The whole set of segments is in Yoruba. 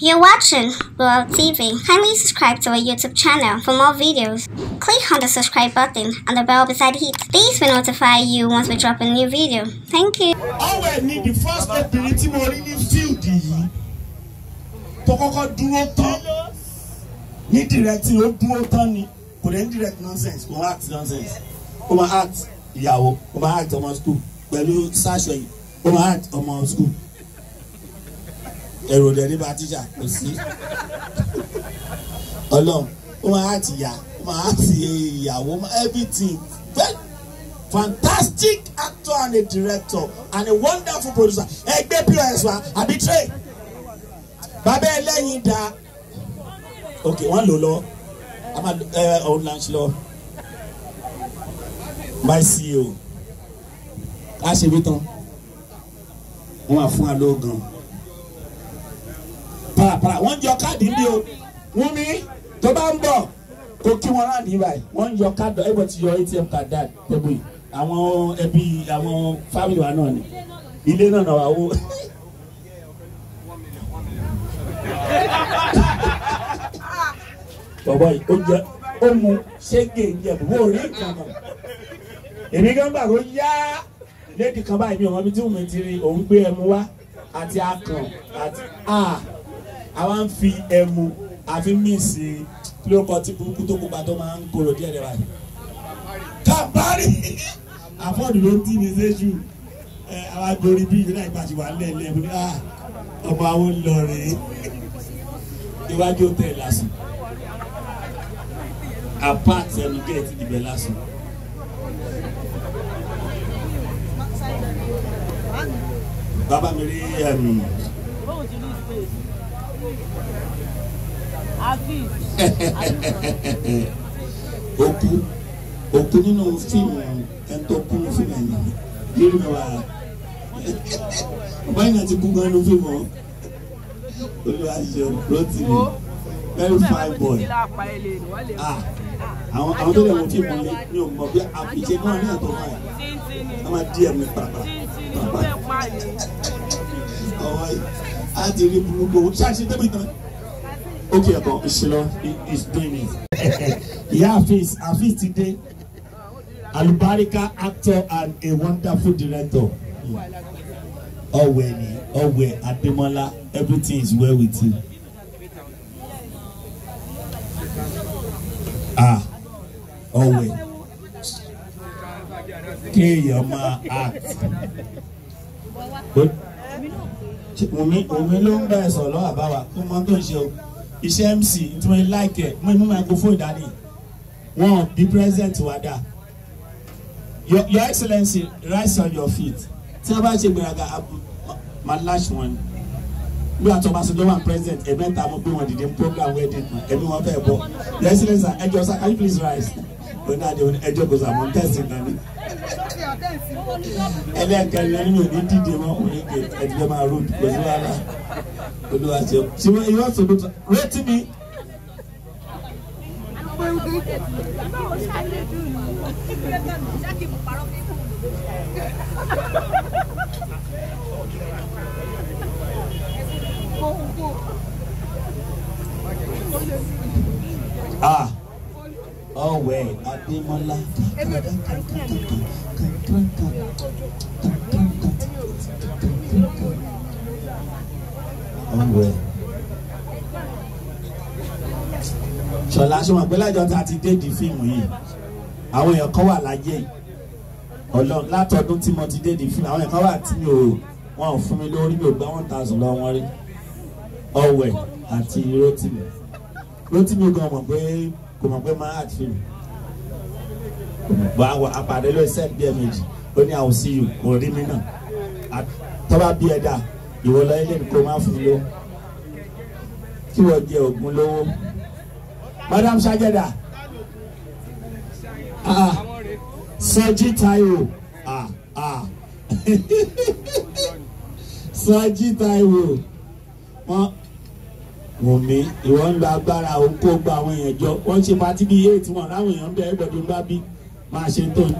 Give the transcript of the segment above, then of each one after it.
You're watching World TV. Kindly subscribe to our YouTube channel for more videos. Click on the subscribe button and the bell beside it. This will notify you once we drop a new video. Thank you. All need the first to direct direct nonsense nonsense school. ẹ̀rọ dẹ̀ nípa tíṣà kò sí ọlọ́run ó máa ti yà ó máa ti ìyàwó everything very fantastic actor and a director and a wonderful producer ẹgbẹ́ pọ́s wa àbí trey bàbá ẹlẹ́yin da ok wọ́n lò lọ ọ̀hún là ń ṣe lọ my ceo a ṣe bí tán wọ́n wà fún wa lóògùn pàràpàrà wọ́n yọ káàdì bí o Wúnmi tó bá ń bọ̀ kó kí wọn láǹdì báyìí wọ́n ń yọ káàdì ẹ̀bọ̀ ti yọ ATM card dá tẹ́gbọ̀ yìí àwọn ẹbí àwọn fámìlì wa náà ni ilé náà náà wà wó. bọ̀bọ̀ yìí ó jẹ ó mu ṣége ń jẹ bó rí nǹkan kan èmi gan gbà kó yá lédi kan báyìí mi ò mọ ibi tí Wúnmi ti rí òun gbé ẹmu wá àti akàn àti a. Ah, àwa ń fi ẹmu àfi míìsì lórúkọ tí burúkú tó kópa tó máa ń korò díẹ̀ díẹ̀ báyìí. kábàárì àfọ́ọ̀dù ló ń tì mí séjù ẹ àwa gorí bí ìlú náà ìpàṣẹ wà lẹ́ẹ̀lẹ́ bí ah, ọmọ àwọn Ìlọrin iwájú òtẹ́ lásán apart ẹnu gẹ̀ẹ́tì dìbẹ̀ lásán. bàbá mi rí ẹnu òkú òkú nínú fíìmù ẹ̀ńtọ́ kú nínú fíìmù ẹ̀yìn lórí mi wà á ọ̀pá ìyẹn ti kú gan nínú fíìmù olúwa ṣeun rotimi very fine boy ah àwọn àwọn tó lè wọ fíìmù lé ní òun mọ bí àfiṣe náà ní àtọ̀ fún ẹ̀ a máa dí ẹ̀ mi pàápàá pàápàá ọ̀wá yìí adìrí burúkú ṣáṣe débi tán ókè ẹ̀kọ́ ìṣẹ̀lọ ìṣẹ̀lẹ̀ ìyá àfíìs àfíìs ti dé alubarika actor and a wonderful director hmm. ọ̀wẹ̀ni ọ̀wẹ̀ adémọ́lá everything is well with you. ah ọ̀wẹ̀ kéèyàn máa act. Wùmí Wùmí ló ń bẹ̀ sọ̀rọ̀ lọ́wọ́ àbáwá kó mọ tó ń ṣe o iṣẹ́ MC tí wọ́n láìkẹ̀ mọ inú microphone dání wọn bí president wa dá your your excellency rise on your feet tí wọ́n bá ṣe gbéraga máa láṣ wọn ni A wàá tọ́ba sọ́jọ́ wà president ẹ̀mẹ́ta mo gbé wọn dìde program wedding ẹ̀mí wọn fẹ́ bọ́ your excellency ẹjọ́ sir can you please rise onídàájọ́ ẹjọ́ kò sàmọ́ tẹ̀sí náà ni ẹlẹ́ẹ̀kẹrin ẹni ò ní dìde mọ́ òun kẹ ẹ̀dílé máa rò pẹ̀lú ara olúwa ṣe ṣe wọ́n irọ́ sọ̀rọ̀ tó rétí mi. Ah, ọ̀wẹ̀ Adémọ́lá kàkàkàkàkà ṣọlá ṣe wọn pé lájọ tá a ti déèdì fíìmù yìí àwọn èèyàn kan wà láyé Ọlọ́run látọdún tí mo ti déèdì fíìmù àwọn èèyàn kan wà tí mi ò wọn ò fún mi lórí mi ò gbá one thousand lọ wọn rí ọwẹ àti Rótìmí Rótìmí gan mọ̀ pé kò mọ̀ pé máa hàt fíìmù bọ àwọn àpàdé ló ṣẹ bí méjì ó ní àwọn sí yìí kò rí mi náà tọ́ba bí ẹ dà ìwọ lọ ilé nìkan máa fún yó kí wọ́n jẹ ògùn lówó madam sajada ah, ah. sọjí taiwo ah, sọjí taiwo wọn wùmí ìwọ ń lo agbára òun kó gba àwọn èèyàn jọ wọn ṣe pati bíi eight wọn láwọn èèyàn ń bẹ ẹgbẹdùn bá bí máa ṣe tó ní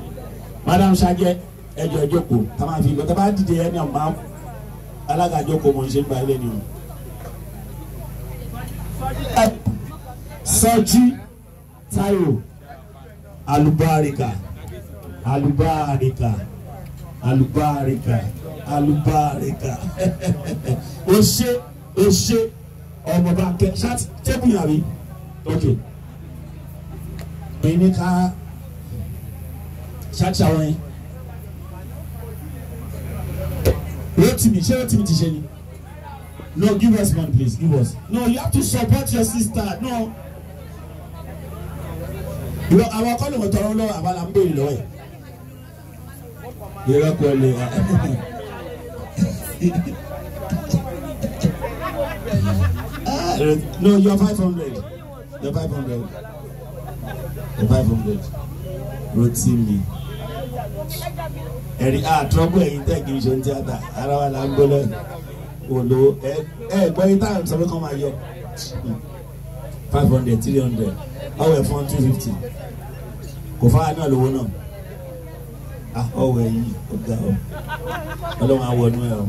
madam sajẹ ẹjọ ẹjọko tá máa fi lọ tá bá dìde ẹni ọ̀ máa alága ẹjọko mọ̀ ṣe ń gba ilé ni o. sọjí táyò Alubarika, Alubarika, Alubarika. alubáríkà o ṣe o ṣe ọmọ bá kẹ ṣáà tẹ́bù yàrá ok. Benika ṣáṣá wọn yẹn me. ṣé rotimi ti ṣe ni no give us one please give us no you have to support your sister no ìwọ àwọn akọ́lùmọ̀ tọrọ lọ́wọ́ àbálà ń bèrè lọ́wọ́ ẹ̀ ìrọ́ kò lè wá. no your five hundred your five hundred your five hundred me ẹ̀rí àtúrọ́gbọ̀ ah, ẹ̀yìn tẹ̀ kì í ṣe ń tíátà ara wa là ń gbọ́ lẹ́nu òdo ẹ ẹ gbọ́ yín táwọn sọ pé kàn máa yọ five hundred three hundred ọwọ́ ẹ̀ fún two fifty kò fáwọn náà lówó náà ọwọ́ ẹ̀yìn ọ̀gá ọ̀ ọlọ́run àwọnú ẹ̀ ọ̀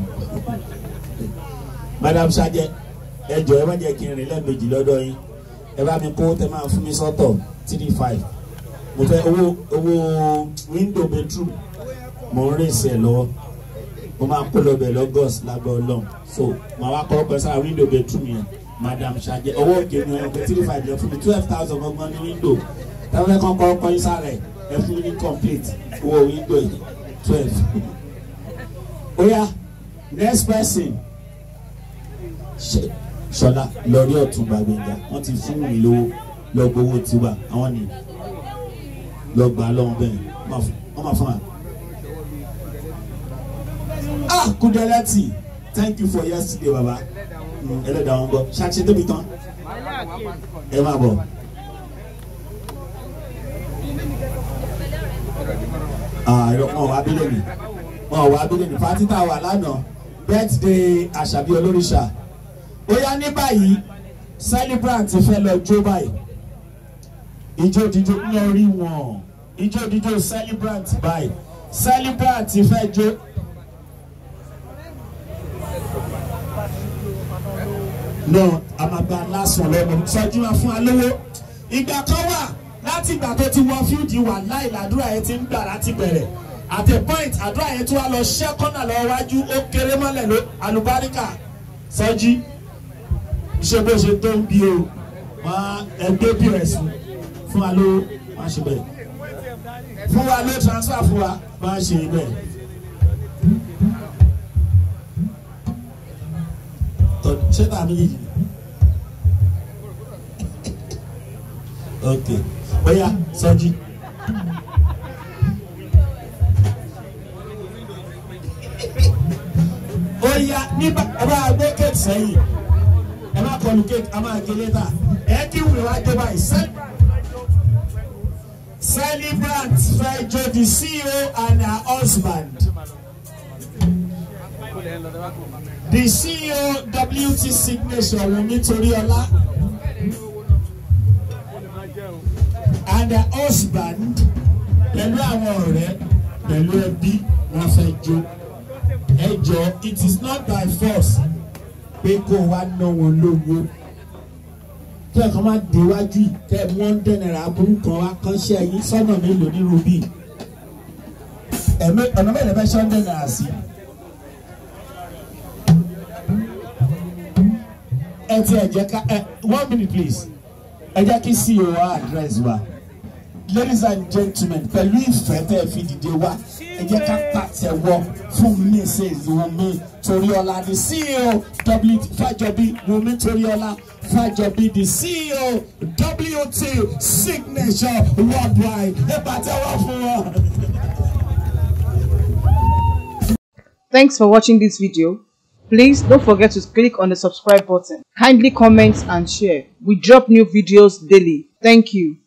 madam sajẹ ẹ jọ ẹ má jẹ́ kí n rìn lẹ́ẹ̀mejì lọ́dọ̀ yín ẹ bá mi kó tẹ máa fún mi sọ́tọ̀ three five mo fẹ́ owó owó window bedroom mo ń rìn sí ẹ̀ lọ́wọ́ mo máa kó lọ́bẹ̀ lọ́gọ́s lábẹ́ ọlọ́run so màá wá kọ́ pẹ́ sára window bedroom yẹn madam ṣàjẹ owó òkè ni ọkọ̀ tí rìfà jẹ fún mi twelve thousand ọgbọ́n ní window táwọn ẹ̀kọ́ kọ́ ọkọ̀ yín sára ẹ̀ ẹ̀ fún mi complete owó window yìí twelve. oya next person ṣọlá lọ rí ọ̀tún gbàgbẹ́jà wọ́n ti fún mi lówó lọ́gbọ́wọ́ tiwa àwọn nìyí lọ gbà lọ́wọ́ bẹ́ẹ̀ wọ́n máa fún wa. ah Kudelati thank you for yesterday baba mm, ẹlẹ́dàá wọn gbọ́ ṣáàṣì débi tán ẹ máa bọ̀. Ah, wọn wá abílẹ̀ mi wọn wá abílẹ̀ mi pátí tá a wà lánàá birthday àṣàbí olóríṣà ó yá ní báyìí celebrant fẹ́ lọ jó báyìí ijó jíjó ń lọ rí wọn ijó jíjó celebrant báyìí celebrant fẹ́ jó. náà a máa gba lásán lọ́mọ sọ́jú wa fún alówó ìgbà kan wà láti ìgbà tó ti wọ fíìdì wà láì làdúrà yẹn ti ń gbà láti bẹ̀rẹ̀ at a point àdúrà yẹn tí wàá lọ ṣẹ́ kọ́nà lọ wájú ó kéré mọ́lẹ̀ ló àlùbáríkà sọ́jí ṣe bó ṣe tó ń bi o wọ́n ẹgbẹ́ bí rẹ̀ sùn fún wa ló má ṣe bẹ́ẹ̀ fún wa ló transfer fún wa má ṣe bẹ́ẹ̀. ṣé tàbí yìí ok bóyá sọjí. bóyá nígbà ẹ bá gbé kéèkì sẹ́yìn ẹ bá kọlu kéèkì a máa gé létà ẹ kí wùlọ dé báyìí sẹ́yìn celebrant Fejo, the CEO and her husband. The CEO WT signature Wunmi Toriola and her husband pẹ̀lú àwọn ọ̀rẹ́ pẹ̀lú ẹbí wọ́n fẹ́ jó ẹjọ́ it is not by force pé kó wa ná wọn lówó tí ẹ̀kan máa dé wájú tẹ mọ́ndẹ̀ náírà aburú kan wá kán mélòó ní rubí ọ̀nà mẹ́rin fẹ́ sọ́ndẹ̀ náírà sí. ẹ ti ẹ jẹ́ ká ẹ one minute please ẹ jẹ́ kí ceo address wa. Wow ladies and gentlemen pẹ̀lú ìfẹ́ tẹ́ fi dìde wá ẹ jẹ́ ká pàtẹ́wọ́ fún mrs wumi toriola the ceo w fajobi wumi toriola fajobi the ceo wt signature worldwide ẹ pàtẹ́wọ́ fún wọn. Thanks for watching this video. Please don't forget to click on the subscribe button. Kindly comment and share. We drop new videos daily. Thank you.